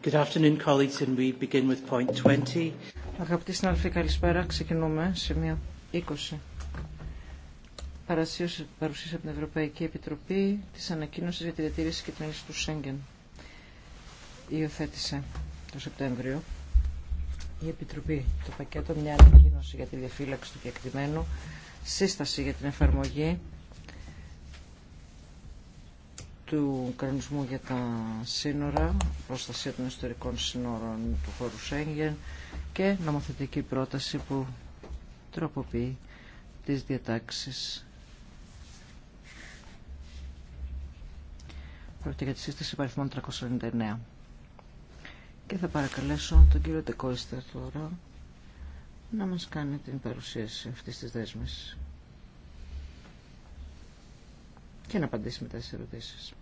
Good afternoon, colleagues, and we begin with point 20. Αγαπητοί συνάδελφοι, καλησπέρα. Ξεκινούμε σημείο 20. Παρασίωση, παρουσίαση από την Ευρωπαϊκή Επιτροπή τη Ανακοίνωση για τη διατήρηση και την ένωση του Σέγγεν. Υιοθέτησε το Σεπτέμβριο η Επιτροπή το πακέτο μια ανακοίνωση για τη διαφύλαξη του κεκτημένου, σύσταση για την εφαρμογή του κανονισμού για τα σύνορα, προστασία των ιστορικών σύνορων του χώρου Σέγγεν και νομοθετική πρόταση που τροποποιεί τις διατάξεις. Πρόκειται για τη σύσταση παριθμών 399. Και θα παρακαλέσω τον κύριο τεκόιστα τώρα να μας κάνει την παρουσίαση αυτής της δέσμης και να απαντήσει μετά στις ερωτήσεις.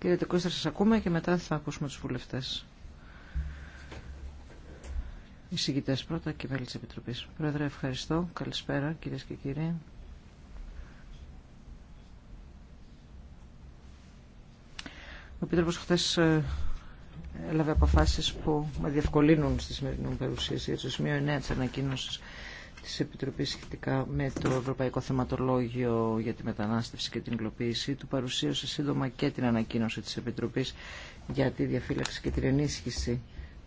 Κύριε Τεκούστα, σας ακούμε και μετά θα ακούσουμε τους βουλευτές. Οι συγκητές πρώτα και μέλη της Επιτροπής. Πρόεδρε, ευχαριστώ. Καλησπέρα κυρίες και κύριοι. Ο Επίτροπος χθες ε, έλαβε αποφάσεις που με διευκολύνουν στη σημερινή μου παρουσίαση για το σημείο 9 της ανακοίνωσης της Επιτροπής σχετικά με το Ευρωπαϊκό Θεματολόγιο για τη Μετανάστευση και την Υλοποίησή του παρουσίασε σύντομα και την ανακοίνωση της Επιτροπής για τη διαφύλαξη και την ενίσχυση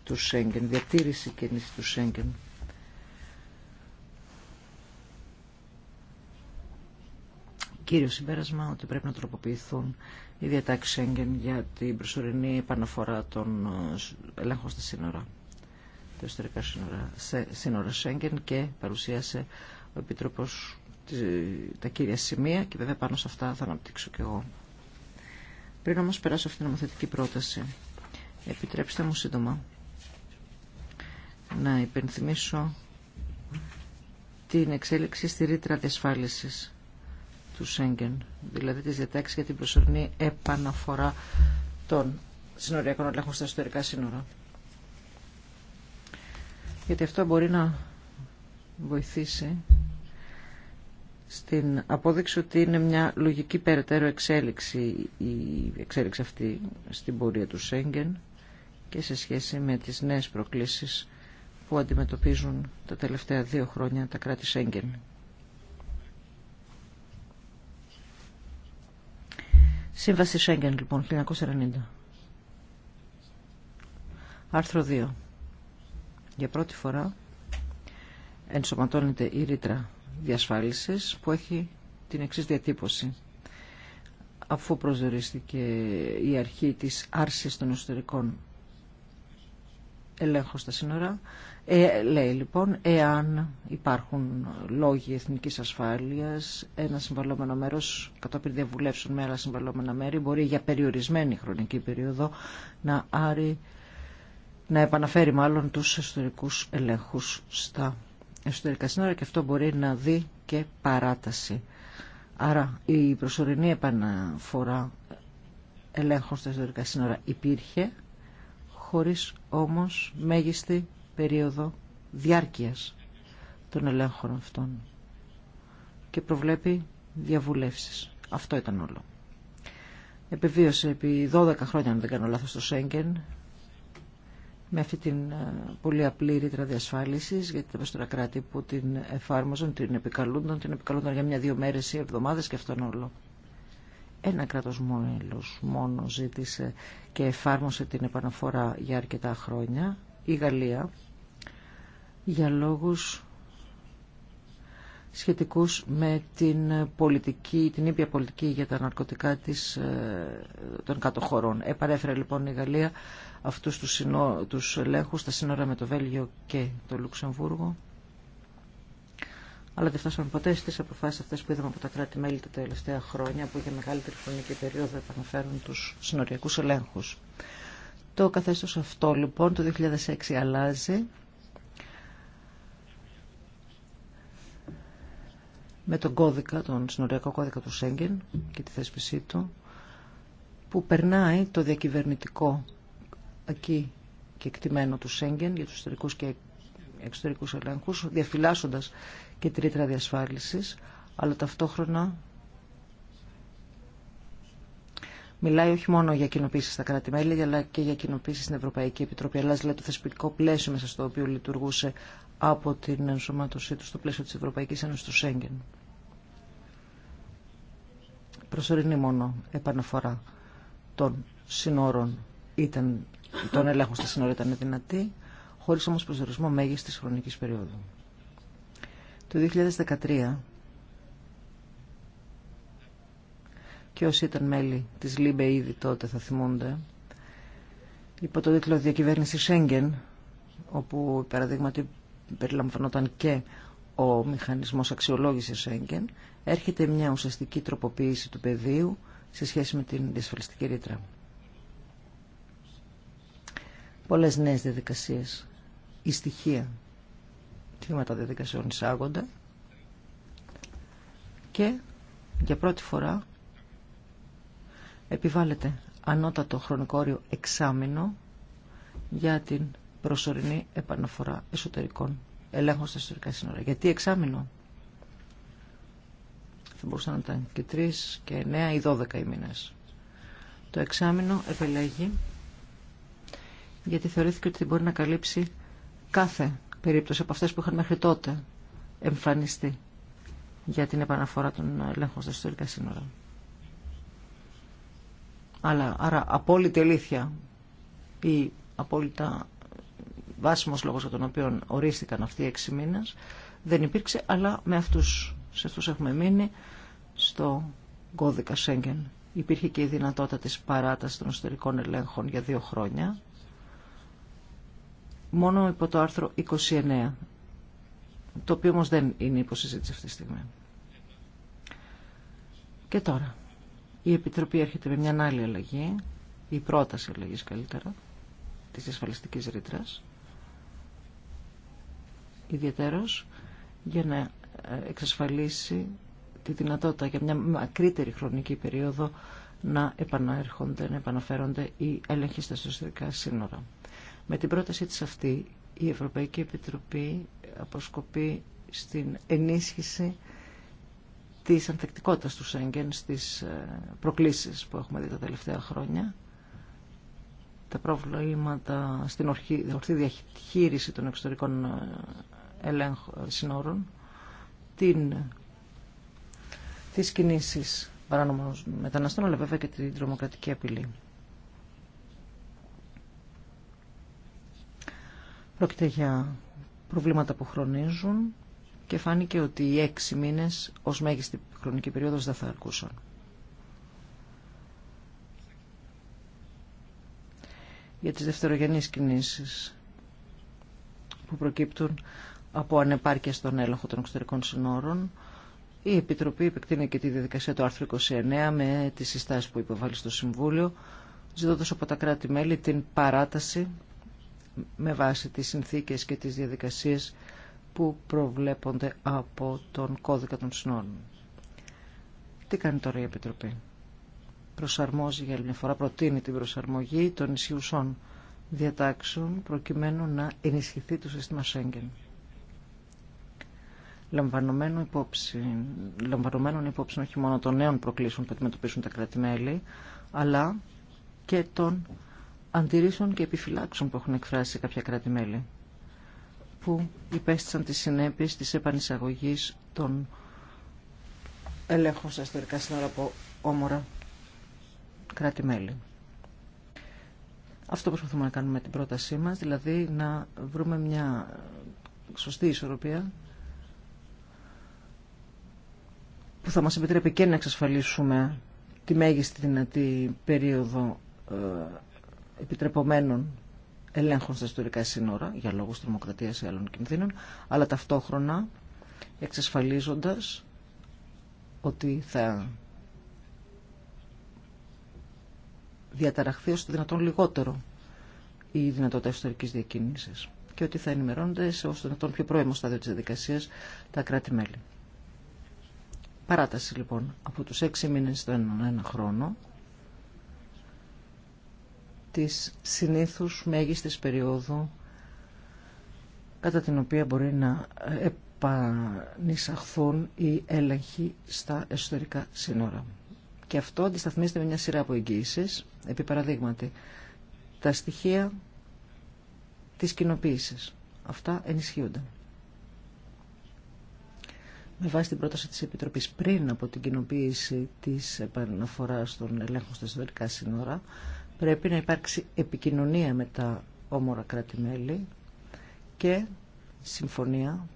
του Σέγγεν, διατήρηση και ενίσχυση του Σέγγεν. Κύριο συμπέρασμα ότι πρέπει να τροποποιηθούν οι διατάξεις Σέγγεν για την προσωρινή επαναφορά των ε, ελέγχων στα σύνορα τα ιστορικά σύνορα, σύνορα Σέγγεν και παρουσίασε ο Επίτροπος τα κύρια σημεία και βέβαια πάνω σε αυτά θα αναπτύξω κι εγώ. Πριν όμως περάσω αυτήν την νομοθετική πρόταση, επιτρέψτε μου σύντομα να υπενθυμίσω την εξέλιξη στη ρήτρα διασφάλισης του Σέγγεν, δηλαδή τη διατάξη για την προσωρινή επαναφορά των συνοριακών ελέγχων στα εσωτερικά σύνορα γιατί αυτό μπορεί να βοηθήσει στην απόδειξη ότι είναι μια λογική περαιτέρω εξέλιξη η εξέλιξη αυτή στην πορεία του Σέγγεν και σε σχέση με τις νέες προκλήσεις που αντιμετωπίζουν τα τελευταία δύο χρόνια τα κράτη Σέγγεν. Σύμβαση Σέγγεν λοιπόν 1990. Άρθρο 2. Για πρώτη φορά ενσωματώνεται η ρήτρα διασφάλισης που έχει την εξής διατύπωση. Αφού προσδιορίστηκε η αρχή της άρσης των εσωτερικών ελέγχων στα σύνορα, ε, λέει λοιπόν, εάν υπάρχουν λόγοι εθνικής ασφάλειας, ένα συμβαλόμενο μέρος, κατόπιν διαβουλεύσουν με άλλα συμβαλόμενα μέρη, μπορεί για περιορισμένη χρονική περίοδο να άρει να επαναφέρει μάλλον τους εσωτερικούς ελέγχους στα εσωτερικά σύνορα και αυτό μπορεί να δει και παράταση. Άρα η προσωρινή επαναφορά ελέγχων στα εσωτερικά σύνορα υπήρχε χωρίς όμως μέγιστη περίοδο διάρκειας των ελέγχων αυτών και προβλέπει διαβουλεύσεις. Αυτό ήταν όλο. Επιβίωσε επί 12 χρόνια, αν δεν κάνω λάθος, στο Σέγγεν με αυτή την ε, πολύ απλή ρήτρα διασφάλιση, γιατί τα περισσότερα κράτη που την εφάρμοζαν, την επικαλούνταν, την επικαλούνταν για μια-δύο μέρε ή εβδομάδε και αυτόν όλο. Ένα κράτο μέλο μόνο ζήτησε και εφάρμοσε την επαναφορά για αρκετά χρόνια, η εβδομαδε και αυτον ολο ενα κρατο μονο ζητησε και εφαρμοσε την επαναφορα για λόγους σχετικούς με την πολιτική, την ήπια πολιτική για τα ναρκωτικά της, ε, των κατοχωρών. Επαρέφερε λοιπόν η Γαλλία αυτούς τους, συνό, ελέγχους στα σύνορα με το Βέλγιο και το Λουξεμβούργο. Αλλά δεν φτάσαμε ποτέ στις αποφάσεις αυτές που είδαμε από τα κράτη-μέλη τα τελευταία χρόνια που για μεγαλύτερη χρονική περίοδο επαναφέρουν τους συνοριακούς ελέγχους. Το καθεστώς αυτό λοιπόν το 2006 αλλάζει με τον κώδικα, τον συνοριακό κώδικα του Σέγγεν και τη θέσπισή του, που περνάει το διακυβερνητικό εκεί και εκτιμένο του Σέγγεν για του εσωτερικού και εξωτερικού ελέγχου, διαφυλάσσοντας και τη ρήτρα διασφάλισης, αλλά ταυτόχρονα μιλάει όχι μόνο για κοινοποίηση στα κράτη-μέλη, αλλά και για κοινοποίηση στην Ευρωπαϊκή Επιτροπή. Αλλά δηλαδή το θεσπικό πλαίσιο μέσα στο οποίο λειτουργούσε από την ενσωμάτωσή του στο πλαίσιο τη Ευρωπαϊκή Ένωση του Σέγγεν. Προσωρινή μόνο επαναφορά των συνόρων ήταν τον ελέγχο στα σύνορα ήταν δυνατή, χωρίς όμως προσδορισμό μέγιστης χρονική περίοδου. Το 2013 και όσοι ήταν μέλη της ΛΥΜΠΕ ήδη τότε θα θυμούνται, υπό το τίτλο Διακυβέρνηση Σέγγεν, όπου παραδείγματι περιλαμβανόταν και ο μηχανισμός αξιολόγησης Σέγγεν, έρχεται μια ουσιαστική τροποποίηση του πεδίου σε σχέση με την διασφαλιστική ρήτρα πολλές νέες διαδικασίες. Η στοιχεία Τμήματα διαδικασιών εισάγονται και για πρώτη φορά επιβάλλεται ανώτατο χρονικό όριο εξάμεινο για την προσωρινή επαναφορά εσωτερικών ελέγχων στα εσωτερικά σύνορα. Γιατί εξάμεινο. Θα μπορούσαν να ήταν και τρει και εννέα ή δώδεκα οι μήνες. Το εξάμεινο επιλέγει γιατί θεωρήθηκε ότι μπορεί να καλύψει κάθε περίπτωση από αυτές που είχαν μέχρι τότε εμφανιστεί για την επαναφορά των ελέγχων στα ιστορικά σύνορα. Αλλά, άρα απόλυτη αλήθεια ή απόλυτα βάσιμος λόγος για τον οποίο ορίστηκαν αυτοί οι έξι μήνες δεν υπήρξε, αλλά με αυτούς, σε αυτούς έχουμε μείνει στο κώδικα Σέγγεν. Υπήρχε και η δυνατότητα της παράτασης των ιστορικών ελέγχων για δύο χρόνια μόνο υπό το άρθρο 29, το οποίο όμως δεν είναι υποσυζήτηση αυτή τη στιγμή. Και τώρα, η Επιτροπή έρχεται με μια άλλη αλλαγή, η πρόταση αλλαγή καλύτερα, της ασφαλιστικής ρήτρας, ιδιαίτερος για να ε, εξασφαλίσει τη δυνατότητα για μια μακρύτερη χρονική περίοδο να να επαναφέρονται οι έλεγχοι στα σωστικά σύνορα. Με την πρότασή της αυτή η Ευρωπαϊκή Επιτροπή αποσκοπεί στην ενίσχυση της ανθεκτικότητας του Σέγγεν στις ε, προκλήσεις που έχουμε δει τα τελευταία χρόνια τα προβλήματα στην ορθή διαχείριση των εξωτερικών ε, ελέγχων ε, συνόρων, την, τις κινήσεις παράνομων μεταναστών, αλλά βέβαια και την τρομοκρατική απειλή. Πρόκειται για προβλήματα που χρονίζουν και φάνηκε ότι οι έξι μήνες ως μέγιστη χρονική περίοδος δεν θα αρκούσαν. Για τις δευτερογενείς κινήσεις που προκύπτουν από ανεπάρκεια στον έλεγχο των εξωτερικών συνόρων, η Επιτροπή επεκτείνει και τη διαδικασία του άρθρου 29 με τις συστάσεις που υποβάλλει στο Συμβούλιο, ζητώντας από τα κράτη-μέλη την παράταση με βάση τις συνθήκες και τις διαδικασίες που προβλέπονται από τον κώδικα των συνόρων. Τι κάνει τώρα η Επιτροπή. Προσαρμόζει για άλλη μια φορά, προτείνει την προσαρμογή των ισχυουσών διατάξεων προκειμένου να ενισχυθεί το σύστημα Σέγγεν. Λαμβανωμένων υπόψη, λαμβανωμένων υπόψη όχι μόνο των νέων προκλήσεων που αντιμετωπίσουν τα κράτη-μέλη, αλλά και των αντιρρήσεων και επιφυλάξεων που έχουν εκφράσει κάποια κράτη-μέλη που υπέστησαν τις συνέπειες της επανεισαγωγής των ελέγχων στα ιστορικά σύνορα από όμορα κράτη-μέλη. Αυτό προσπαθούμε να κάνουμε την πρότασή μας, δηλαδή να βρούμε μια σωστή ισορροπία που θα μας επιτρέπει και να εξασφαλίσουμε τη μέγιστη δυνατή περίοδο ε, επιτρεπομένων ελέγχων στα ιστορικά σύνορα για λόγους τρομοκρατίας ή άλλων κινδύνων, αλλά ταυτόχρονα εξασφαλίζοντας ότι θα διαταραχθεί ως το δυνατόν λιγότερο η δυνατότητα ιστορικής διακίνησης και ότι θα ενημερώνονται σε όσο δυνατόν πιο πρώιμο στάδιο της διαδικασίας τα κράτη-μέλη. Παράταση λοιπόν από τους έξι μήνες στον ένα χρόνο της συνήθους μέγιστης περίοδου κατά την οποία μπορεί να επανεισαχθούν οι έλεγχοι στα εσωτερικά σύνορα. Και αυτό αντισταθμίζεται με μια σειρά από εγγύησεις, επί παραδείγματι, τα στοιχεία της κοινοποίηση. Αυτά ενισχύονται. Με βάση την πρόταση της Επιτροπής πριν από την κοινοποίηση της επαναφοράς των ελέγχων στα εσωτερικά σύνορα, Πρέπει να υπάρξει επικοινωνία με τα όμορα και συμφωνία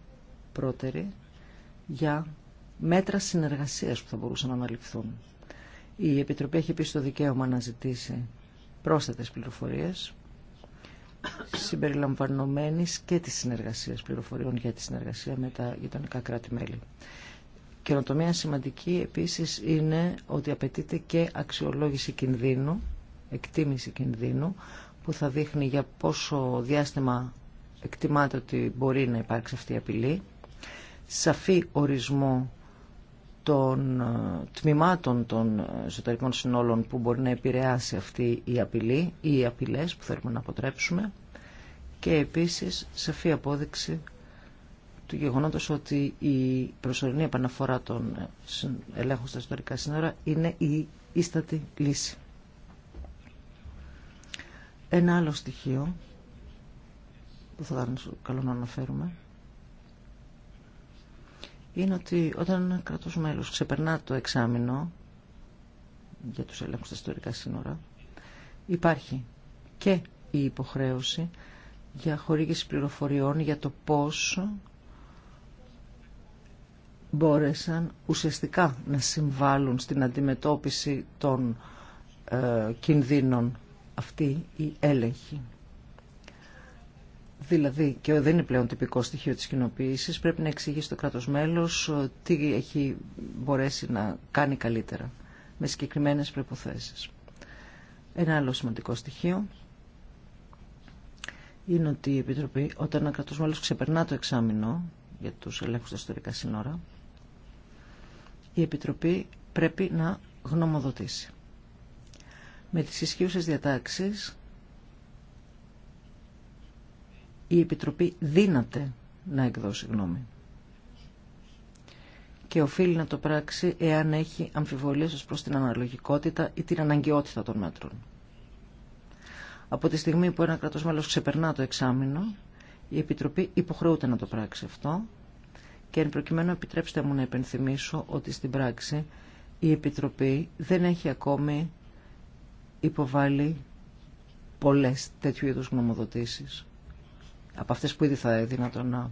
πρώτερη για μέτρα συνεργασίας που θα μπορούσαν να αναλυφθούν. Η Επιτροπή έχει επίσης το δικαίωμα να ζητήσει πρόσθετες πληροφορίες συμπεριλαμβανομένης και της συνεργασίας πληροφοριών για τη συνεργασία με τα γειτονικά κράτη-μέλη. Καινοτομία σημαντική επίσης είναι ότι απαιτείται και αξιολόγηση κινδύνου εκτίμηση κινδύνου που θα δείχνει για πόσο διάστημα εκτιμάται ότι μπορεί να υπάρξει αυτή η απειλή, σαφή ορισμό των ε, τμήματων των εσωτερικών συνόλων που μπορεί να επηρεάσει αυτή η απειλή ή οι απειλές που θέλουμε να αποτρέψουμε και επίσης σαφή απόδειξη του γεγονότος ότι η προσωρινή επαναφορά των ε, ελέγχων στα ιστορικά σύνορα είναι η προσωρινη επαναφορα των ελεγχων στα εσωτερικα λύση. Ένα άλλο στοιχείο που θα ήταν καλό να αναφέρουμε είναι ότι όταν ένα κρατός μέλος ξεπερνά το εξάμεινο για τους ελέγχους στα ιστορικά σύνορα υπάρχει και η υποχρέωση για χορήγηση πληροφοριών για το πόσο μπόρεσαν ουσιαστικά να συμβάλλουν στην αντιμετώπιση των ε, κινδύνων αυτή η έλεγχη. Δηλαδή, και δεν είναι πλέον τυπικό στοιχείο της κοινοποίηση, πρέπει να εξηγήσει το κράτος μέλος ε, τι έχει μπορέσει να κάνει καλύτερα, με συγκεκριμένες προϋποθέσεις. Ένα άλλο σημαντικό στοιχείο είναι ότι η Επιτροπή, όταν ένα κράτος μέλος ξεπερνά το εξάμεινο για τους ελέγχους στα ιστορικά σύνορα, η Επιτροπή πρέπει να γνωμοδοτήσει. Με τις ισχύουσες διατάξεις η Επιτροπή δύναται να εκδώσει γνώμη και οφείλει να το πράξει εάν έχει αμφιβολίες ως προς την αναλογικότητα ή την αναγκαιότητα των μέτρων. Από τη στιγμή που ένα κρατός μέλος ξεπερνά το εξάμεινο, η Επιτροπή υποχρεούται να το πράξει αυτό και εν προκειμένου επιτρέψτε μου να υπενθυμίσω ότι στην πράξη η Επιτροπή δεν έχει ακόμη υποβάλει πολλές τέτοιου είδους γνωμοδοτήσεις. Από αυτές που ήδη θα δυνατόν να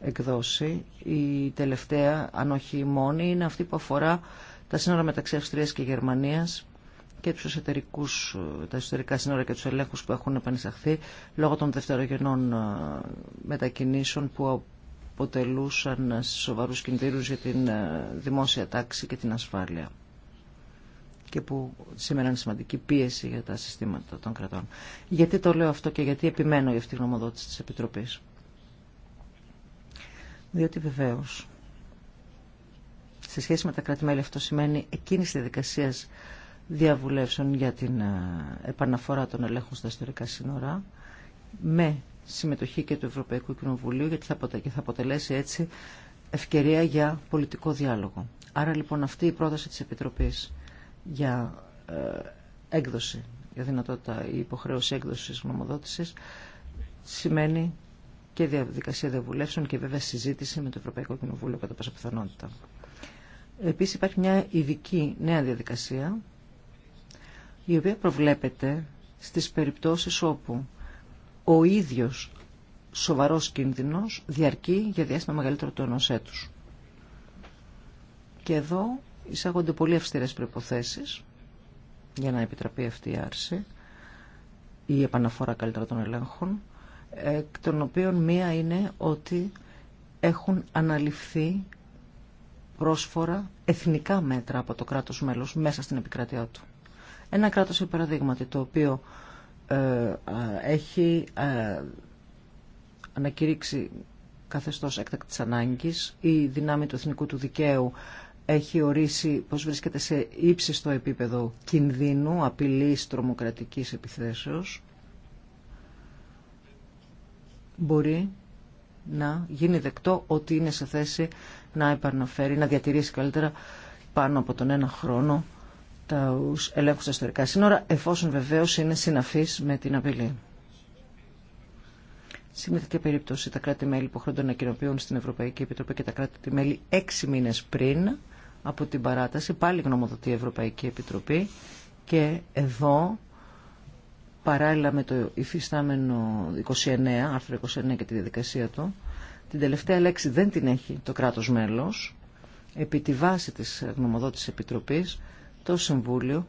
εκδώσει, η τελευταία, αν όχι η μόνη, είναι αυτή που αφορά τα σύνορα μεταξύ Αυστρίας και Γερμανίας και τους εσωτερικούς, τα εσωτερικά σύνορα και τους ελέγχους που έχουν επανεισαχθεί λόγω των δευτερογενών ε, μετακινήσεων που αποτελούσαν σοβαρούς κινδύνους για την ε, δημόσια τάξη και την ασφάλεια και που σήμερα είναι σημαντική πίεση για τα συστήματα των κρατών. Γιατί το λέω αυτό και γιατί επιμένω για αυτή τη γνωμοδότηση της Επιτροπής. Διότι βεβαίως σε σχέση με τα κρατη αυτό σημαίνει εκείνη τη διαδικασία διαβουλεύσεων για την ε, επαναφορά των ελέγχων στα ιστορικά σύνορα με συμμετοχή και του Ευρωπαϊκού Κοινοβουλίου γιατί θα αποτελέσει έτσι ευκαιρία για πολιτικό διάλογο. Άρα λοιπόν αυτή η πρόταση της Επιτροπής για ε, έκδοση, για δυνατότητα η υποχρέωση έκδοσης γνωμοδότησης σημαίνει και διαδικασία διαβουλεύσεων και βέβαια συζήτηση με το Ευρωπαϊκό Κοινοβούλιο κατά πάσα πιθανότητα. Επίσης υπάρχει μια ειδική νέα διαδικασία η οποία προβλέπεται στις περιπτώσεις όπου ο ίδιος σοβαρός κίνδυνος διαρκεί για διάστημα μεγαλύτερο του ενός έτους. Και εδώ εισάγονται πολύ αυστηρές προϋποθέσεις για να επιτραπεί αυτή η άρση ή η επαναφορα καλύτερα των ελέγχων, εκ των οποίων μία είναι ότι έχουν αναλυφθεί πρόσφορα εθνικά μέτρα από το κράτος μέλος μέσα στην επικρατεία του. Ένα κράτος υπεραδείγματι το οποίο ε, έχει ε, ανακηρύξει καθεστώς έκτακτης ανάγκης ή δυνάμει του εθνικού του δικαίου έχει ορίσει πως βρίσκεται σε ύψιστο επίπεδο κινδύνου, απειλής τρομοκρατικής επιθέσεως, μπορεί να γίνει δεκτό ότι είναι σε θέση να επαναφέρει, να διατηρήσει καλύτερα πάνω από τον ένα χρόνο τα ελέγχου στα ιστορικά σύνορα, εφόσον βεβαίως είναι συναφής με την απειλή. Σήμερα τέτοια περίπτωση τα κράτη-μέλη υποχρεώνται να κοινοποιούν στην Ευρωπαϊκή Επιτροπή και τα κράτη-μέλη έξι μήνες πριν από την παράταση, πάλι γνωμοδοτεί η Ευρωπαϊκή Επιτροπή και εδώ παράλληλα με το υφιστάμενο 29, άρθρο 29 και τη διαδικασία του, την τελευταία λέξη δεν την έχει το κράτος μέλος, επί τη βάση της γνωμοδότης Επιτροπής, το Συμβούλιο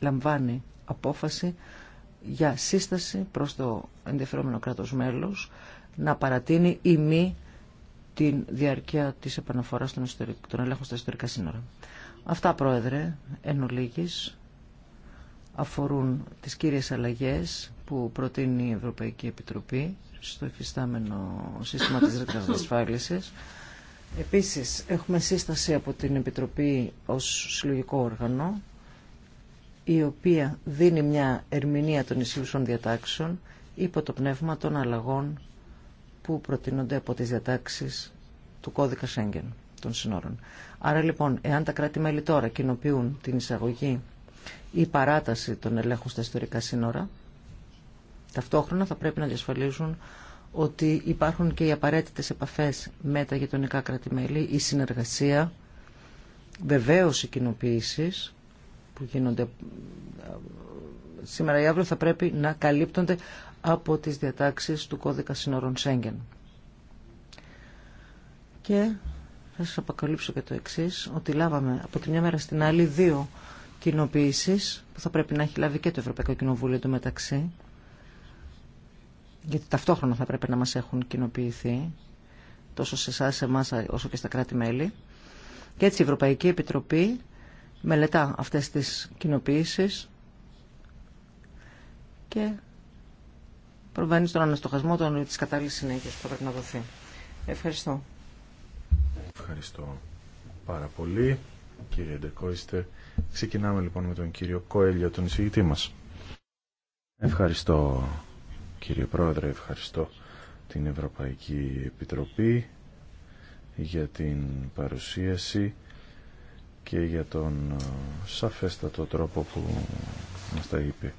λαμβάνει απόφαση για σύσταση προς το ενδιαφερόμενο κράτος μέλος να παρατείνει ή μη την διαρκεία της επαναφοράς των, των ελέγχων στα ιστορικά σύνορα. Αυτά, Πρόεδρε, εν ολίγης, αφορούν τις κύριες αλλαγές που προτείνει η Ευρωπαϊκή Επιτροπή στο εφιστάμενο σύστημα της ρήτρας ασφάλισης. Επίσης, έχουμε σύσταση από την Επιτροπή ως συλλογικό όργανο, η οποία δίνει μια ερμηνεία των ισχύουσων διατάξεων υπό το πνεύμα των αλλαγών που προτείνονται από τις διατάξεις του κώδικα Σέγγεν των συνόρων. Άρα λοιπόν, εάν τα κράτη-μέλη τώρα κοινοποιούν την εισαγωγή ή παράταση των ελέγχων στα ιστορικά σύνορα, ταυτόχρονα θα πρέπει να διασφαλίζουν ότι υπάρχουν και οι απαραίτητες επαφές με τα γειτονικά κράτη-μέλη, η συνεργασία, βεβαίως οι κοινοποιήσεις που γίνονται ε, σήμερα ή αύριο θα πρέπει να καλύπτονται από τις διατάξεις του κώδικα σύνορων Σέγγεν. Και θα σας αποκαλύψω και το εξής, ότι λάβαμε από τη μια μέρα στην άλλη δύο κοινοποιήσει που θα πρέπει να έχει λάβει και το Ευρωπαϊκό Κοινοβούλιο το μεταξύ, γιατί ταυτόχρονα θα πρέπει να μας έχουν κοινοποιηθεί, τόσο σε εσά, σε εμάς, όσο και στα κράτη-μέλη. Και έτσι η Ευρωπαϊκή Επιτροπή μελετά αυτές τις κοινοποιήσει και προβαίνει στον αναστοχασμό των, της κατάλληλης συνέχειας που πρέπει να δοθεί. Ευχαριστώ. Ευχαριστώ πάρα πολύ. Κύριε Ντεκόιστερ. ξεκινάμε λοιπόν με τον κύριο Κοέλιο, τον εισηγητή μα. Ευχαριστώ κύριε Πρόεδρε, ευχαριστώ την Ευρωπαϊκή Επιτροπή για την παρουσίαση και για τον ε, σαφέστατο τρόπο που μας τα είπε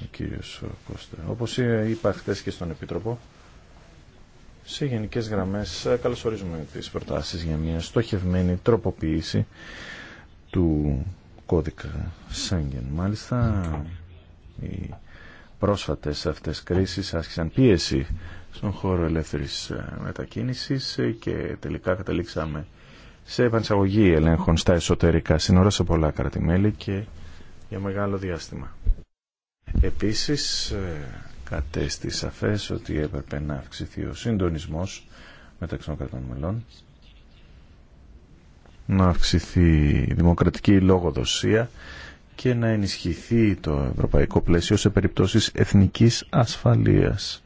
ο κύριος Κώστα. Όπως είπα χθε και στον Επίτροπο, σε γενικές γραμμές καλωσορίζουμε τις προτάσεις για μια στοχευμένη τροποποίηση του κώδικα Σέγγεν. Μάλιστα, οι πρόσφατες αυτές κρίσεις άσκησαν πίεση στον χώρο ελεύθερης ε, μετακίνησης ε, και τελικά καταλήξαμε σε επανεισαγωγή ελέγχων στα εσωτερικά σύνορα σε πολλά κρατημέλη και για μεγάλο διάστημα. Επίσης, ε, κατέστη σαφές ότι έπρεπε να αυξηθεί ο συντονισμός μεταξύ των κρατών μελών, να αυξηθεί η δημοκρατική λογοδοσία και να ενισχυθεί το ευρωπαϊκό πλαίσιο σε περιπτώσεις εθνικής ασφαλείας.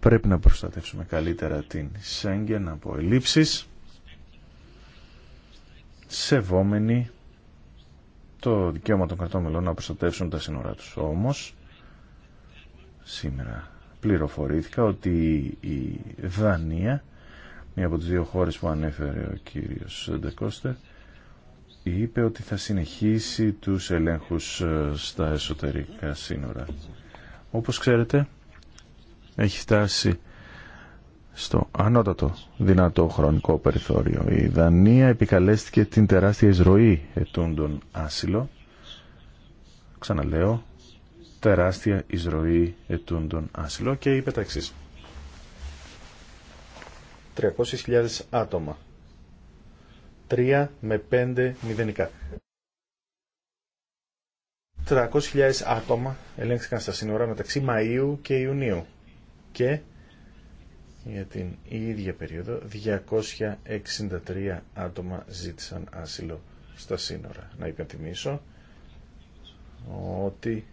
Πρέπει να προστατεύσουμε καλύτερα την Σέγγεν από ελλείψεις, σεβόμενοι το δικαίωμα των κρατών μελών να προστατεύσουν τα σύνορά τους. Όμως, σήμερα πληροφορήθηκα ότι η Δανία, μία από τις δύο χώρες που ανέφερε ο κύριος Ντεκώστερ, είπε ότι θα συνεχίσει τους ελέγχους ε, στα εσωτερικά σύνορα. Όπως ξέρετε, έχει φτάσει στο ανώτατο δυνατό χρονικό περιθώριο. Η Δανία επικαλέστηκε την τεράστια εισρωή ετούντων άσυλο. Ξαναλέω, τεράστια εισρωή ετούντων άσυλο και είπε τα εξής. 300.000 άτομα. 3 με 5 μηδενικά. 300.000 άτομα ελέγχθηκαν στα σύνορα μεταξύ Μαΐου και Ιουνίου και για την ίδια περίοδο 263 άτομα ζήτησαν άσυλο στα σύνορα. Να υπενθυμίσω ότι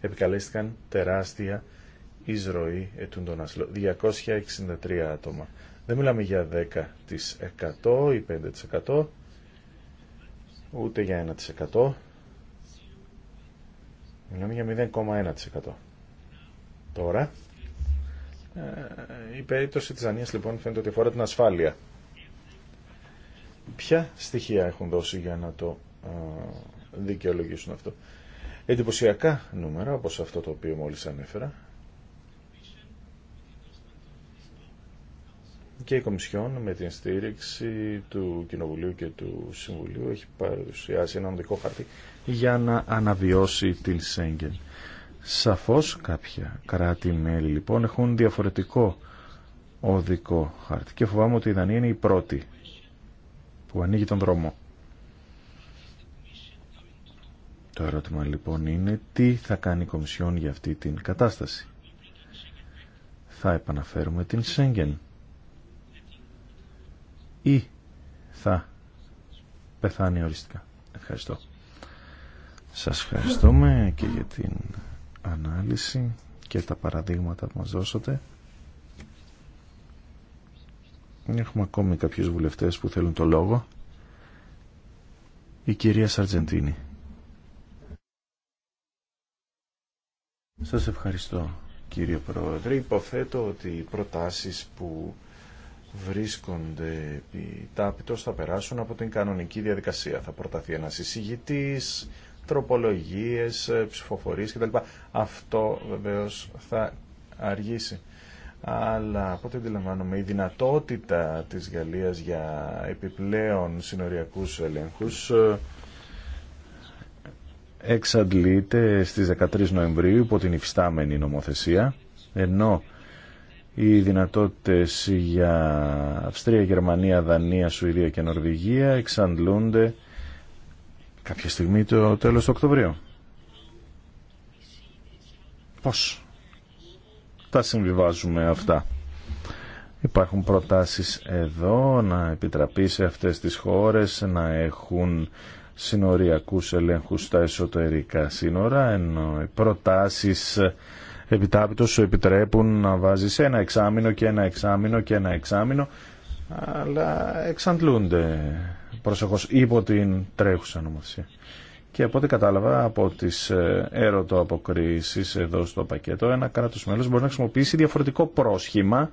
επικαλέστηκαν τεράστια εισρωή ετούντων άσυλο. 263 άτομα. Δεν μιλάμε για 10% ή 5% ούτε για 1%. Μιλάμε για 0,1%. Τώρα ε, η περίπτωση της Ανίας λοιπόν φαίνεται ότι αφορά την ασφάλεια. Ποια στοιχεία έχουν δώσει για να το ε, δικαιολογήσουν αυτό. Εντυπωσιακά νούμερα, όπως αυτό το οποίο μόλις ανέφερα, και η Κομισιόν με την στήριξη του Κοινοβουλίου και του Συμβουλίου έχει παρουσιάσει ένα δικό χαρτί για να αναβιώσει την Σέγγεν. Σαφώς κάποια κράτη-μέλη λοιπόν έχουν διαφορετικό οδικό χάρτη και φοβάμαι ότι η Δανία είναι η πρώτη που ανοίγει τον δρόμο. Το ερώτημα λοιπόν είναι τι θα κάνει η Κομισιόν για αυτή την κατάσταση. Θα επαναφέρουμε την Σέγγεν ή θα πεθάνει οριστικά. Ευχαριστώ. Σας ευχαριστούμε και για την ανάλυση και τα παραδείγματα που μας δώσατε. Έχουμε ακόμη κάποιους βουλευτές που θέλουν το λόγο. Η κυρία Σαρτζεντίνη. Σας ευχαριστώ κύριε Πρόεδρε. Υποθέτω ότι οι προτάσεις που βρίσκονται επί θα περάσουν από την κανονική διαδικασία. Θα προταθεί ένας εισηγητής, τροπολογίες, ε, ψηφοφορίες κτλ. Αυτό βεβαίως θα αργήσει. Αλλά από ό,τι αντιλαμβάνομαι, η δυνατότητα της Γαλλίας για επιπλέον συνοριακούς ελέγχους ε, εξαντλείται στις 13 Νοεμβρίου υπό την υφιστάμενη νομοθεσία, ενώ οι δυνατότητες για Αυστρία, Γερμανία, Δανία, Σουηδία και Νορβηγία εξαντλούνται κάποια στιγμή το τέλος του Οκτωβρίου. Πώς τα συμβιβάζουμε αυτά. Υπάρχουν προτάσεις εδώ να επιτραπεί σε αυτές τις χώρες να έχουν συνοριακούς ελέγχους στα εσωτερικά σύνορα, ενώ οι προτάσεις επιτάπητος σου επιτρέπουν να βάζεις ένα εξάμεινο και ένα εξάμεινο και ένα εξάμεινο αλλά εξαντλούνται προσεχώς υπό την τρέχουσα νομοθεσία. Και από ό,τι κατάλαβα από τις ε, αποκρίσει εδώ στο πακέτο, ένα κράτο μέλο μπορεί να χρησιμοποιήσει διαφορετικό πρόσχημα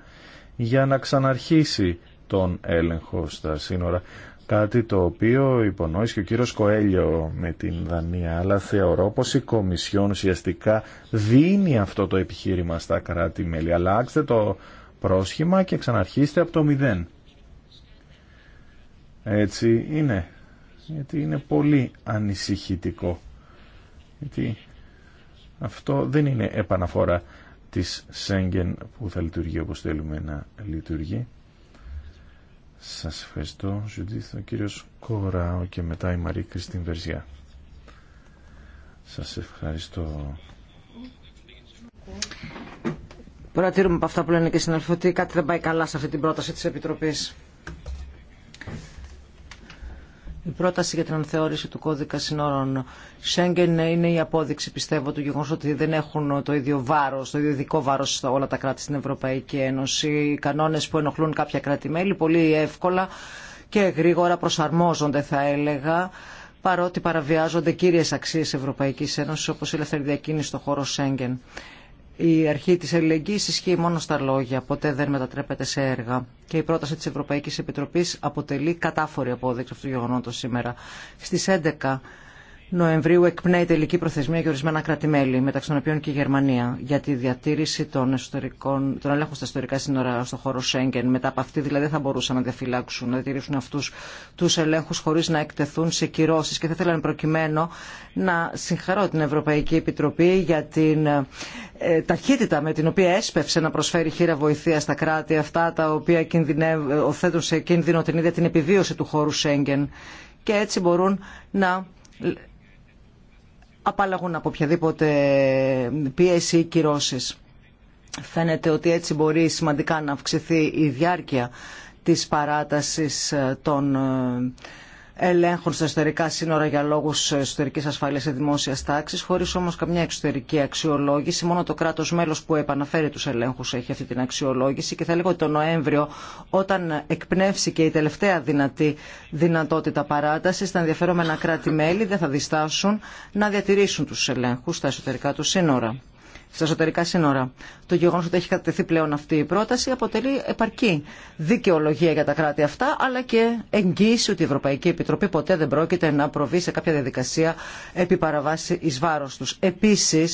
για να ξαναρχίσει τον έλεγχο στα σύνορα. Κάτι το οποίο υπονόησε και ο κύριο Κοέλιο με την Δανία, αλλά θεωρώ πω η Κομισιόν ουσιαστικά δίνει αυτό το επιχείρημα στα κράτη-μέλη. Αλλάξτε το πρόσχημα και ξαναρχίστε από το μηδέν. Έτσι είναι. Γιατί είναι πολύ ανησυχητικό. Γιατί αυτό δεν είναι επαναφορά της Σέγγεν που θα λειτουργεί όπως θέλουμε να λειτουργεί. Σας ευχαριστώ, Ζουντίθ, ο κύριος Κοράο και μετά η Μαρή Κριστίν Βερζιά. Σας ευχαριστώ. Προατήρουμε από αυτά που λένε και ότι κάτι δεν πάει καλά σε αυτή την πρόταση της Επιτροπής. Η πρόταση για την ανθεώρηση του κώδικα συνόρων Σέγγεν είναι η απόδειξη, πιστεύω, του γεγονό ότι δεν έχουν το ίδιο βάρο, το ίδιο ειδικό βάρο όλα τα κράτη στην Ευρωπαϊκή Ένωση. Οι κανόνε που ενοχλούν κάποια κράτη-μέλη πολύ εύκολα και γρήγορα προσαρμόζονται, θα έλεγα, παρότι παραβιάζονται κύριε αξίε Ευρωπαϊκή Ένωση, όπω η ελεύθερη διακίνηση στο χώρο Σέγγεν η αρχή της ελεγγύης ισχύει μόνο στα λόγια, ποτέ δεν μετατρέπεται σε έργα. Και η πρόταση της Ευρωπαϊκής Επιτροπής αποτελεί κατάφορη απόδειξη αυτού του γεγονότος σήμερα. Στις 11 Νοεμβρίου εκπνέει τελική προθεσμία για ορισμένα κράτη-μέλη, μεταξύ των οποίων και η Γερμανία, για τη διατήρηση των, εσωτερικών, των ελέγχων στα ιστορικά σύνορα στον χώρο Σέγγεν. Μετά από αυτή δηλαδή θα μπορούσαν να διαφυλάξουν, να διατηρήσουν αυτού του ελέγχου χωρί να εκτεθούν σε κυρώσει. Και θα ήθελα προκειμένου να συγχαρώ την Ευρωπαϊκή Επιτροπή για την ε, ταχύτητα με την οποία έσπευσε να προσφέρει χείρα βοηθεία στα κράτη αυτά τα οποία ε, οθέτουν σε κίνδυνο την ίδια την επιβίωση του χώρου Σέγγεν. Και έτσι μπορούν να απαλλαγούν από οποιαδήποτε πίεση ή κυρώσεις. Φαίνεται ότι έτσι μπορεί σημαντικά να αυξηθεί η διάρκεια της παράτασης των ε, Ελέγχων στα εσωτερικά σύνορα για λόγου εσωτερική ασφάλεια και δημόσια τάξη, χωρί όμω καμιά εξωτερική αξιολόγηση. Μόνο το κράτο μέλο που επαναφέρει του ελέγχου έχει αυτή την αξιολόγηση και θα λέγω ότι το Νοέμβριο, όταν εκπνεύσει και η τελευταία δυνατή δυνατότητα παράταση, τα ενδιαφερόμενα κράτη-μέλη δεν θα διστάσουν να διατηρήσουν του ελέγχου στα εσωτερικά του σύνορα στα εσωτερικά σύνορα. Το γεγονό ότι έχει κατευθεί πλέον αυτή η πρόταση αποτελεί επαρκή δικαιολογία για τα κράτη αυτά, αλλά και εγγύηση ότι η Ευρωπαϊκή Επιτροπή ποτέ δεν πρόκειται να προβεί σε κάποια διαδικασία επί παραβάση ει βάρο του. Επίση,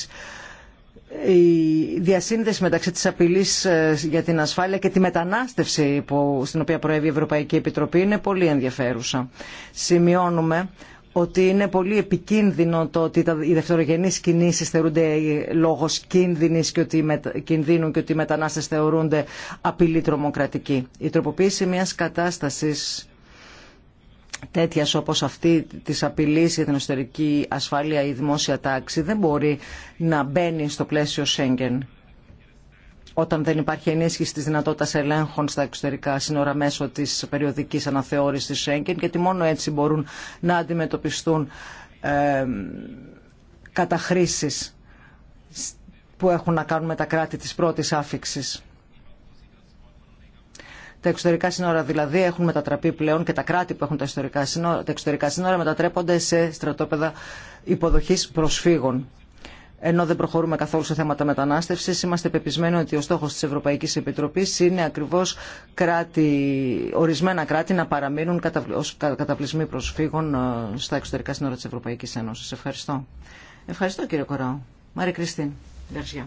η διασύνδεση μεταξύ της απειλής ε, για την ασφάλεια και τη μετανάστευση στην οποία προέβη η Ευρωπαϊκή Επιτροπή είναι πολύ ενδιαφέρουσα. Σημειώνουμε ότι είναι πολύ επικίνδυνο το ότι οι δευτερογενείς κινήσεις θεωρούνται λόγος κίνδυνης και ότι, κινδύνουν και ότι οι μετανάστες θεωρούνται απειλή τρομοκρατική. Η τροποποίηση μιας κατάστασης τέτοιας όπως αυτή της απειλής για την εσωτερική ασφάλεια ή δημόσια τάξη δεν μπορεί να μπαίνει στο πλαίσιο Σέγγεν όταν δεν υπάρχει ενίσχυση τη δυνατότητα ελέγχων στα εξωτερικά σύνορα μέσω της περιοδικής αναθεώρησης Σέγγεν γιατί μόνο έτσι μπορούν να αντιμετωπιστούν ε, καταχρήσεις που έχουν να κάνουν με τα κράτη της πρώτης άφηξη. Τα εξωτερικά σύνορα δηλαδή έχουν μετατραπεί πλέον και τα κράτη που έχουν τα, τα εξωτερικά σύνορα μετατρέπονται σε στρατόπεδα υποδοχής προσφύγων ενώ δεν προχωρούμε καθόλου σε θέματα μετανάστευση. Είμαστε πεπισμένοι ότι ο στόχο της Ευρωπαϊκής Επιτροπής είναι ακριβώς ορισμένα κράτη να παραμείνουν ω καταπλησμοί προσφύγων ε, στα εξωτερικά σύνορα της Ευρωπαϊκής Ένωση. Ευχαριστώ. Ευχαριστώ κύριε Κοράου. Μαρή Κριστίν. ευχαριστώ.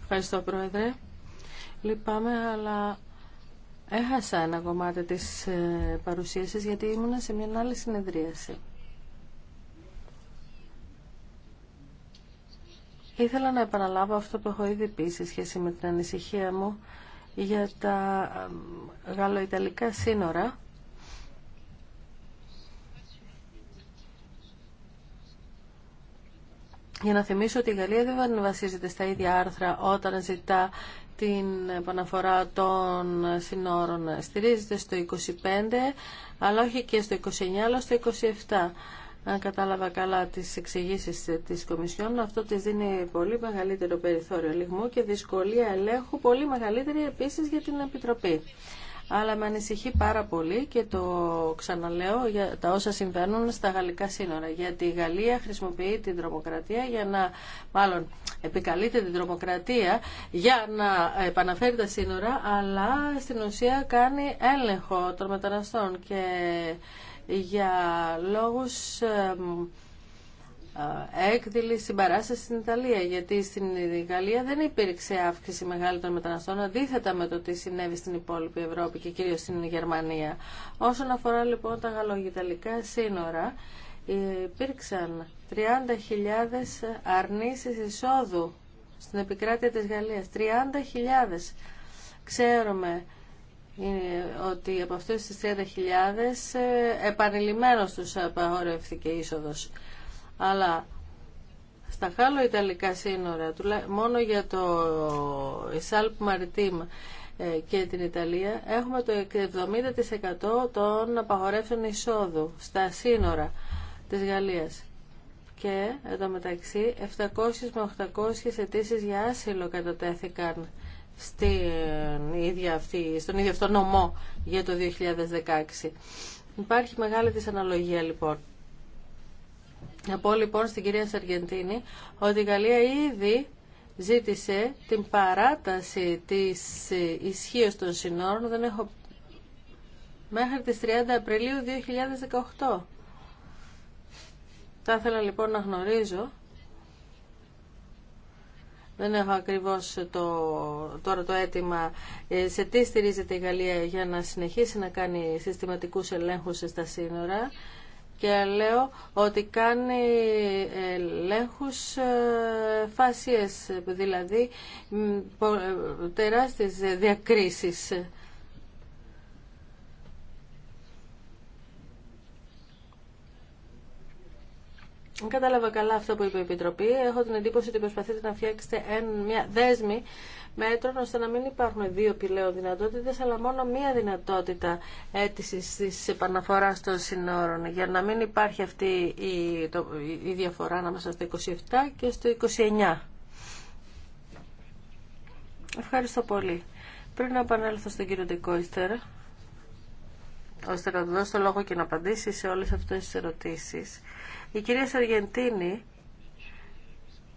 Ευχαριστώ Πρόεδρε. Λυπάμαι αλλά έχασα ένα κομμάτι της ε, παρουσίασης γιατί ήμουν σε μια άλλη συνεδρίαση. Ήθελα να επαναλάβω αυτό που έχω ήδη πει σε σχέση με την ανησυχία μου για τα ε, γαλλοϊταλικά σύνορα Για να θυμίσω ότι η Γαλλία δεν βασίζεται στα ίδια άρθρα όταν ζητά την επαναφορά των συνόρων. Στηρίζεται στο 25, αλλά όχι και στο 29, αλλά στο 27 αν κατάλαβα καλά τις εξηγήσει της Κομισιόν, αυτό της δίνει πολύ μεγαλύτερο περιθώριο λιγμού και δυσκολία ελέγχου, πολύ μεγαλύτερη επίσης για την Επιτροπή αλλά με ανησυχεί πάρα πολύ και το ξαναλέω για τα όσα συμβαίνουν στα γαλλικά σύνορα. Γιατί η Γαλλία χρησιμοποιεί την τρομοκρατία για να, μάλλον επικαλείται την τρομοκρατία για να επαναφέρει τα σύνορα, αλλά στην ουσία κάνει έλεγχο των μεταναστών και για λόγους ε, έκδηλη συμπαράσταση στην Ιταλία, γιατί στην Γαλλία δεν υπήρξε αύξηση μεγάλη των μεταναστών, αντίθετα με το τι συνέβη στην υπόλοιπη Ευρώπη και κυρίως στην Γερμανία. Όσον αφορά λοιπόν τα γαλλογιταλικά σύνορα, υπήρξαν 30.000 αρνήσεις εισόδου στην επικράτεια της Γαλλίας. 30.000. Ξέρουμε ε, ότι από αυτές τις 30.000 ε, επανειλημμένως τους απαγορεύθηκε η είσοδος αλλά στα χάλο-ιταλικά σύνορα, μόνο για το Ισάλπ Μαριτίμ ε, και την Ιταλία, έχουμε το 70% των απαγορεύσεων εισόδου στα σύνορα της Γαλλίας. Και, εδώ μεταξύ, 700 με 800 αιτήσει για άσυλο κατατέθηκαν στην ίδια αυτή, στον ίδιο αυτό νομό για το 2016. Υπάρχει μεγάλη δυσαναλογία, λοιπόν. Να πω λοιπόν στην κυρία Σαργεντίνη ότι η Γαλλία ήδη ζήτησε την παράταση της ε, ισχύω των συνόρων δεν έχω... μέχρι τις 30 Απριλίου 2018. Θα ήθελα λοιπόν να γνωρίζω δεν έχω ακριβώς το, τώρα το αίτημα ε, σε τι στηρίζεται η Γαλλία για να συνεχίσει να κάνει συστηματικούς ελέγχους στα σύνορα και λέω ότι κάνει ελέγχους ε, φάσιες, δηλαδή ε, τεράστιες διακρίσεις. κατάλαβα καλά αυτό που είπε η Επιτροπή. Έχω την εντύπωση ότι προσπαθείτε να φτιάξετε μια δέσμη μέτρων ώστε να μην υπάρχουν δύο πηλαίων δυνατότητε, αλλά μόνο μία δυνατότητα αίτηση τη επαναφορά των συνόρων. Για να μην υπάρχει αυτή η, η διαφορά ανάμεσα στο 27 και στο 29. Ευχαριστώ πολύ. Πριν να επανέλθω στον κύριο Ντεκόιστερ, ώστε να του δώσω το λόγο και να απαντήσει σε όλε αυτέ τι ερωτήσει. Η κυρία Σαργεντίνη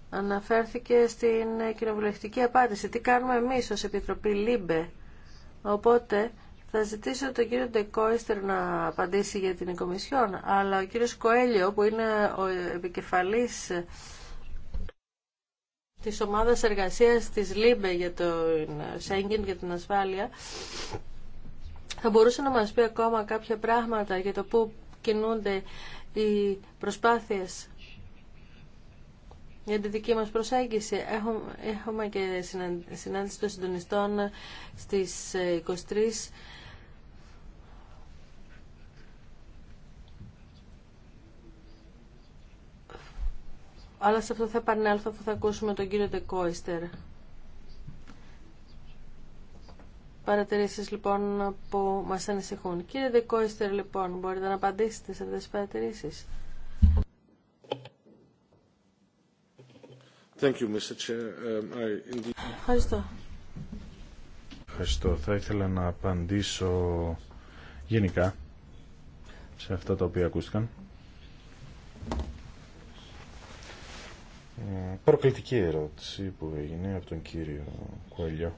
αναφέρθηκε στην κοινοβουλευτική απάντηση. Τι κάνουμε εμείς ως Επιτροπή ΛΥΜΠΕ. Οπότε θα ζητήσω τον κύριο Ντεκόιστερ να απαντήσει για την Κομισιόν, αλλά ο κύριος Κοέλιο που είναι ο επικεφαλής της ομάδας εργασίας της ΛΥΜΠΕ για το ΣΕΝΚΙΝ για την ασφάλεια θα μπορούσε να μας πει ακόμα κάποια πράγματα για το πού κινούνται οι προσπάθειες για τη δική μας προσέγγιση. Έχουμε, έχουμε και συνάντηση των συντονιστών στις 23 ε, Αλλά σε αυτό θα επανέλθω αφού θα ακούσουμε τον κύριο Τεκόιστερ. παρατηρήσεις λοιπόν που μας ανησυχούν. Κύριε Δεκόιστερ λοιπόν, μπορείτε να απαντήσετε σε αυτές τις παρατηρήσεις. Thank you, Mr. Um, Ευχαριστώ. Ευχαριστώ. Θα ήθελα να απαντήσω γενικά σε αυτά τα οποία ακούστηκαν. Ε, προκλητική ερώτηση που έγινε από τον κύριο Κουαλιό.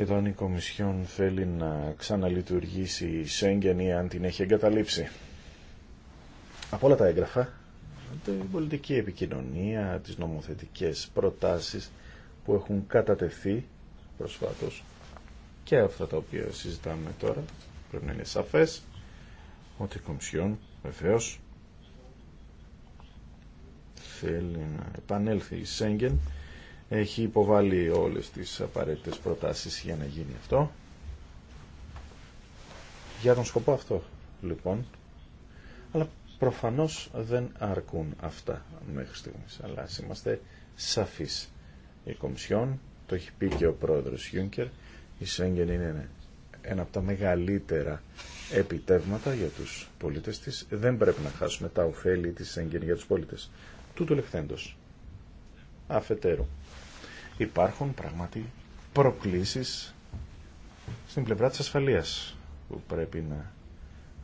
Εδώ αν η Κομισιόν θέλει να ξαναλειτουργήσει η Σέγγεν ή αν την έχει εγκαταλείψει. Από όλα τα έγγραφα, την πολιτική επικοινωνία, τις νομοθετικές προτάσεις που έχουν κατατεθεί προσφάτως και αυτά τα οποία συζητάμε τώρα, πρέπει να είναι σαφές ότι η Κομισιόν βεβαίως θέλει να επανέλθει η Σέγγεν έχει υποβάλει όλες τις απαραίτητες προτάσεις για να γίνει αυτό. Για τον σκοπό αυτό, λοιπόν. Αλλά προφανώς δεν αρκούν αυτά μέχρι στιγμής. Αλλά είμαστε σαφείς. Η Κομισιόν, το έχει πει και ο πρόεδρος Γιούνκερ, η Σέγγεν είναι ένα από τα μεγαλύτερα επιτεύγματα για τους πολίτες της. Δεν πρέπει να χάσουμε τα ωφέλη της Σέγγεν για τους πολίτες. Τούτου λεχθέντος. Αφετέρου υπάρχουν πράγματι προκλήσεις στην πλευρά της ασφαλείας που πρέπει να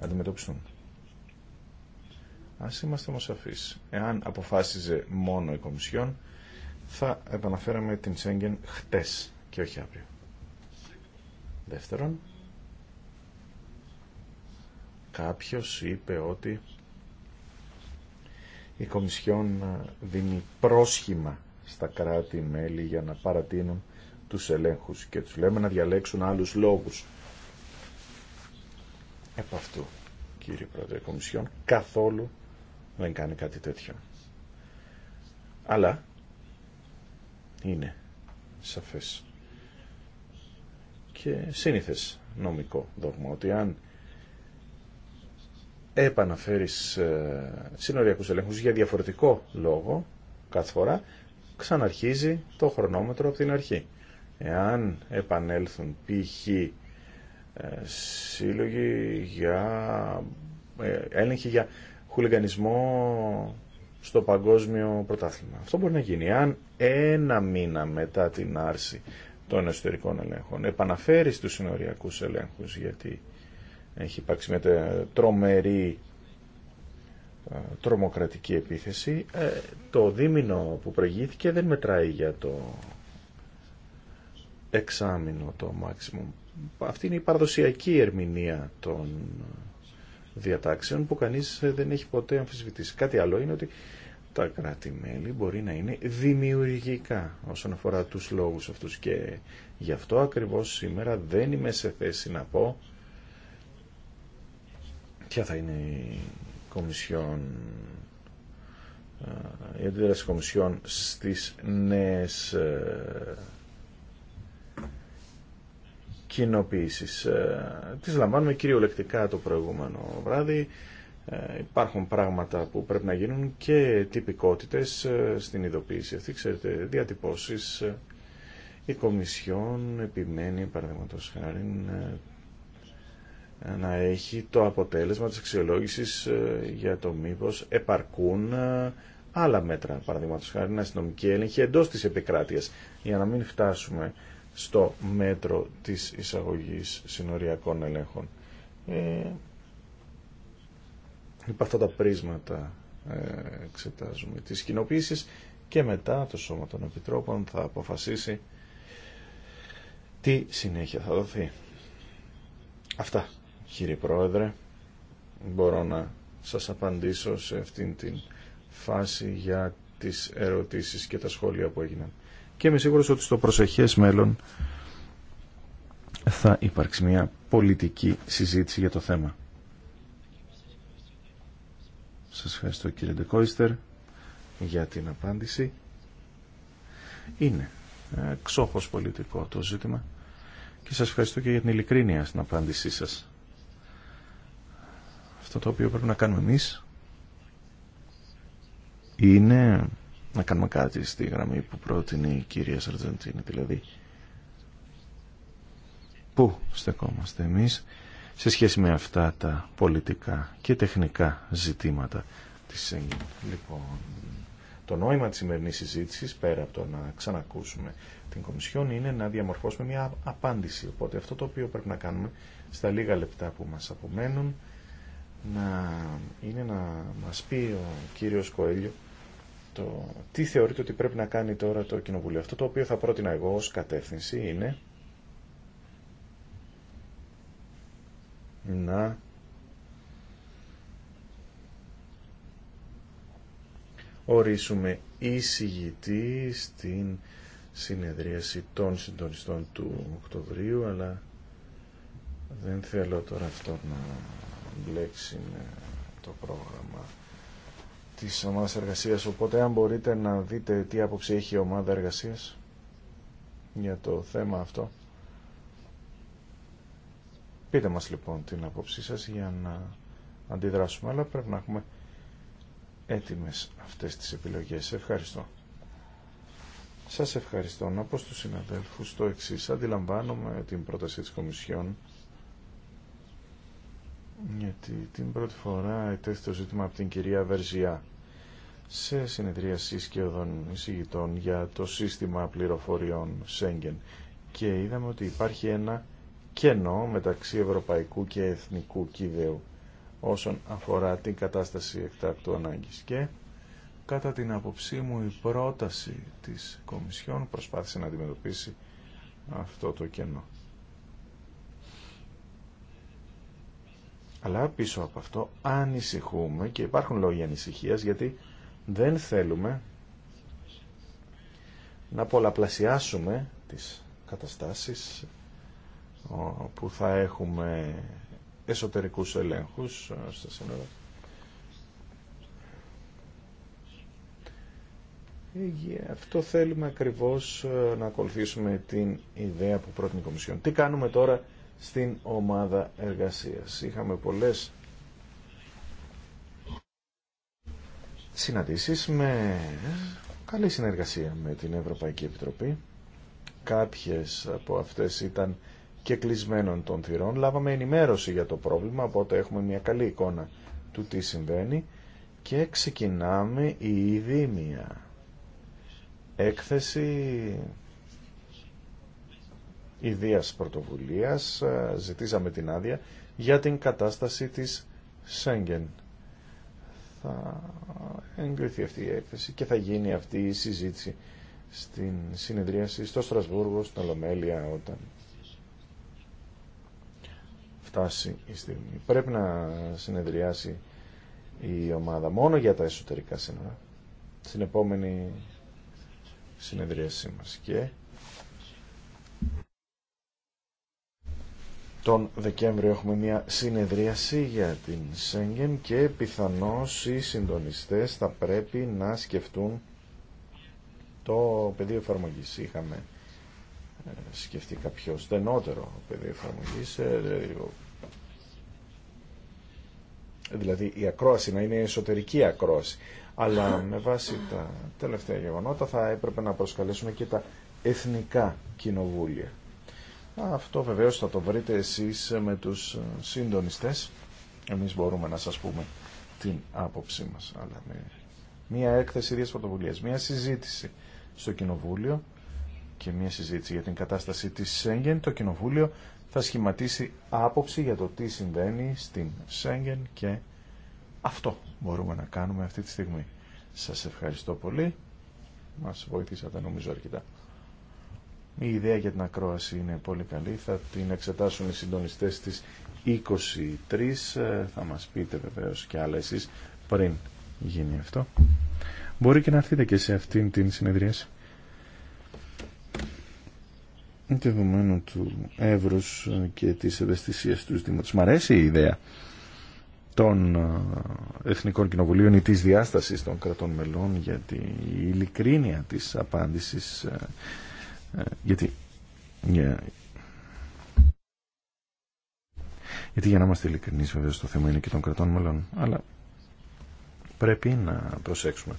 αντιμετωπιστούν. Ας είμαστε όμως αφείς. Εάν αποφάσιζε μόνο η Κομισιόν, θα επαναφέραμε την Σέγγεν χτες και όχι αύριο. Δεύτερον, κάποιος είπε ότι η Κομισιόν δίνει πρόσχημα στα κράτη-μέλη για να παρατείνουν τους ελέγχους και τους λέμε να διαλέξουν άλλους λόγους. Επ' αυτού, κύριε Πρόεδρε Κομισιόν, καθόλου δεν κάνει κάτι τέτοιο. Αλλά είναι σαφές και σύνηθες νομικό δόγμα ότι αν επαναφέρεις ε, συνοριακούς ελέγχους για διαφορετικό λόγο κάθε φορά ξαναρχίζει το χρονόμετρο από την αρχή. Εάν επανέλθουν π.χ. Ε, σύλλογοι για ε, έλεγχοι για χουλιγανισμό στο παγκόσμιο πρωτάθλημα. Αυτό μπορεί να γίνει. Αν ένα μήνα μετά την άρση των εσωτερικών ελέγχων επαναφέρει στους συνοριακούς ελέγχους γιατί έχει υπάρξει τρομερή ε, τρομοκρατική επίθεση ε, το δίμηνο που προηγήθηκε δεν μετράει για το εξάμηνο το maximum αυτή είναι η παραδοσιακή ερμηνεία των διατάξεων που κανείς δεν έχει ποτέ αμφισβητήσει κάτι άλλο είναι ότι τα κράτη-μέλη μπορεί να είναι δημιουργικά όσον αφορά τους λόγους αυτούς και γι' αυτό ακριβώς σήμερα δεν είμαι σε θέση να πω ποια θα είναι Κομισιόν ε, η αντίδραση Κομισιόν στις νέες ε, κοινοποίησεις. Ε, τις λαμβάνουμε κυριολεκτικά το προηγούμενο βράδυ. Υπάρχουν πράγματα που πρέπει να γίνουν και τυπικότητες στην ειδοποίηση αυτή. Ξέρετε, διατυπώσεις η Κομισιόν επιμένει, παραδείγματος χάρη, να έχει το αποτέλεσμα της αξιολόγησης ε, για το μήπως επαρκούν ε, άλλα μέτρα, παραδείγματος χάρη, να αστυνομική έλεγχη εντός της επικράτειας, για να μην φτάσουμε στο μέτρο της εισαγωγής συνοριακών ελέγχων. Ε, αυτά τα πρίσματα ε, εξετάζουμε τις κοινοποίησεις και μετά το Σώμα των Επιτρόπων θα αποφασίσει τι συνέχεια θα δοθεί. Αυτά κύριε Πρόεδρε. Μπορώ να σας απαντήσω σε αυτήν την φάση για τις ερωτήσεις και τα σχόλια που έγιναν. Και είμαι σίγουρος ότι στο προσεχές μέλλον θα υπάρξει μια πολιτική συζήτηση για το θέμα. Σας ευχαριστώ κύριε Ντεκόιστερ για την απάντηση. Είναι ε, ξόχος πολιτικό το ζήτημα και σας ευχαριστώ και για την ειλικρίνεια στην απάντησή σας. Αυτό το οποίο πρέπει να κάνουμε εμείς είναι να κάνουμε κάτι στη γραμμή που πρότεινε η κυρία Σαρτζαντίνη. Δηλαδή, πού στεκόμαστε εμείς σε σχέση με αυτά τα πολιτικά και τεχνικά ζητήματα της Λοιπόν, το νόημα της σημερινή συζήτηση, πέρα από το να ξανακούσουμε την Κομισιόν, είναι να διαμορφώσουμε μια απάντηση. Οπότε αυτό το οποίο πρέπει να κάνουμε στα λίγα λεπτά που μας απομένουν να είναι να μας πει ο κύριος Κοέλιο το τι θεωρείτε ότι πρέπει να κάνει τώρα το Κοινοβουλίο. Αυτό το οποίο θα πρότεινα εγώ ως κατεύθυνση είναι να ορίσουμε εισηγητή στην συνεδρίαση των συντονιστών του Οκτωβρίου, αλλά δεν θέλω τώρα αυτό να εμπλέξει το πρόγραμμα της ομάδας εργασίας. Οπότε αν μπορείτε να δείτε τι άποψη έχει η ομάδα εργασίας για το θέμα αυτό. Πείτε μας λοιπόν την άποψή σας για να αντιδράσουμε, αλλά πρέπει να έχουμε έτοιμες αυτές τις επιλογές. Ευχαριστώ. Σας ευχαριστώ. Να πω στους συναδέλφους το εξής. Αντιλαμβάνομαι την πρόταση της Κομισιόν γιατί την πρώτη φορά ετέθη το ζήτημα από την κυρία Βερζιά σε συνεδρία σύσκευων εισηγητών για το σύστημα πληροφοριών Σέγγεν και είδαμε ότι υπάρχει ένα κενό μεταξύ ευρωπαϊκού και εθνικού κίδεου όσον αφορά την κατάσταση εκτάκτου ανάγκης και κατά την άποψή μου η πρόταση της Κομισιόν προσπάθησε να αντιμετωπίσει αυτό το κενό. Αλλά πίσω από αυτό ανησυχούμε και υπάρχουν λόγοι ανησυχίας γιατί δεν θέλουμε να πολλαπλασιάσουμε τις καταστάσεις που θα έχουμε εσωτερικούς ελέγχους ε, στα σύνορα. Ε, αυτό θέλουμε ακριβώς ε, να ακολουθήσουμε την ιδέα που πρότεινε η Κομισιόν. Τι κάνουμε τώρα στην ομάδα εργασίας. Είχαμε πολλές συναντήσεις με καλή συνεργασία με την Ευρωπαϊκή Επιτροπή. Κάποιες από αυτές ήταν και κλεισμένων των θυρών. Λάβαμε ενημέρωση για το πρόβλημα, οπότε έχουμε μια καλή εικόνα του τι συμβαίνει και ξεκινάμε ήδη μια έκθεση ιδίας πρωτοβουλίας ε, ζητήσαμε την άδεια για την κατάσταση της Σέγγεν. Θα εγκριθεί αυτή η έκθεση και θα γίνει αυτή η συζήτηση στην συνεδρίαση στο Στρασβούργο, στην Ολομέλεια όταν φτάσει η στιγμή. Πρέπει να συνεδριάσει η ομάδα μόνο για τα εσωτερικά σύνορα στην επόμενη συνεδρίασή μας και τον Δεκέμβριο έχουμε μια συνεδρίαση για την Σέγγεν και πιθανώς οι συντονιστές θα πρέπει να σκεφτούν το πεδίο εφαρμογή. Είχαμε ε, σκεφτεί κάποιο στενότερο πεδίο εφαρμογή. Ε, δηλαδή η ακρόαση να είναι εσωτερική ακρόαση. Αλλά με βάση τα τελευταία γεγονότα θα έπρεπε να προσκαλέσουμε και τα εθνικά κοινοβούλια. Αυτό βεβαίως θα το βρείτε εσείς με τους συντονιστές. Εμείς μπορούμε να σας πούμε την άποψή μας. Αλλά μία έκθεση ίδιας πρωτοβουλίας, μία συζήτηση στο Κοινοβούλιο και μία συζήτηση για την κατάσταση της Σέγγεν, το Κοινοβούλιο θα σχηματίσει άποψη για το τι συμβαίνει στην Σέγγεν και αυτό μπορούμε να κάνουμε αυτή τη στιγμή. Σας ευχαριστώ πολύ. Μας βοηθήσατε νομίζω αρκετά. Η ιδέα για την ακρόαση είναι πολύ καλή. Θα την εξετάσουν οι συντονιστές της 23. Θα μας πείτε βεβαίως και άλλα εσείς πριν γίνει αυτό. Μπορεί και να έρθετε και σε αυτήν την συνεδρίαση. δεδομένο του εύρους και της ευαισθησίας του Δήμου. Μ' αρέσει η ιδέα των ε, Εθνικών Κοινοβουλίων ή της διάστασης των κρατών μελών για την ειλικρίνεια της απάντησης ε, γιατί, για, για να είμαστε ειλικρινείς βέβαια το θέμα είναι και των κρατών μελών, αλλά πρέπει να προσέξουμε.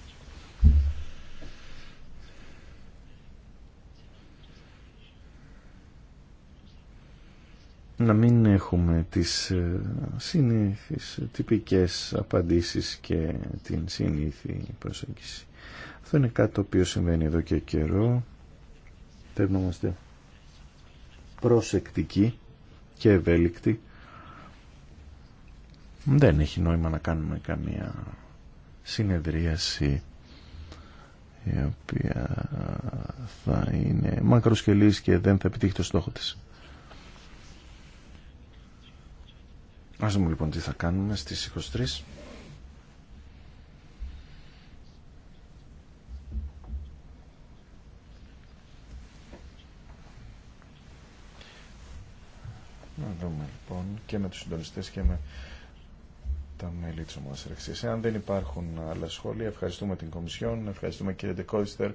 να μην έχουμε τις ε, συνήθεις, ε, τυπικές απαντήσεις και την συνήθη προσέγγιση. Αυτό είναι κάτι το οποίο συμβαίνει εδώ και καιρό. Πρέπει να είμαστε προσεκτικοί και ευέλικτοι. Δεν έχει νόημα να κάνουμε καμία συνεδρίαση η οποία θα είναι μακροσκελής και δεν θα επιτύχει το στόχο της. Ας δούμε λοιπόν τι θα κάνουμε στις 23. Να δούμε λοιπόν και με τους συντονιστές και με τα μέλη της ομάδας εργασίας. Εάν δεν υπάρχουν άλλα σχόλια, ευχαριστούμε την Κομισιόν, ευχαριστούμε κύριε Ντεκόιστερ,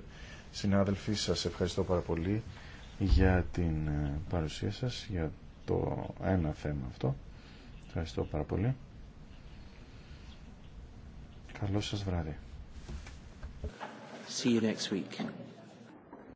συνάδελφοι, σας ευχαριστώ πάρα πολύ για την ε, παρουσία σας, για το ένα θέμα αυτό. Ευχαριστώ πάρα πολύ. Καλό σας βράδυ.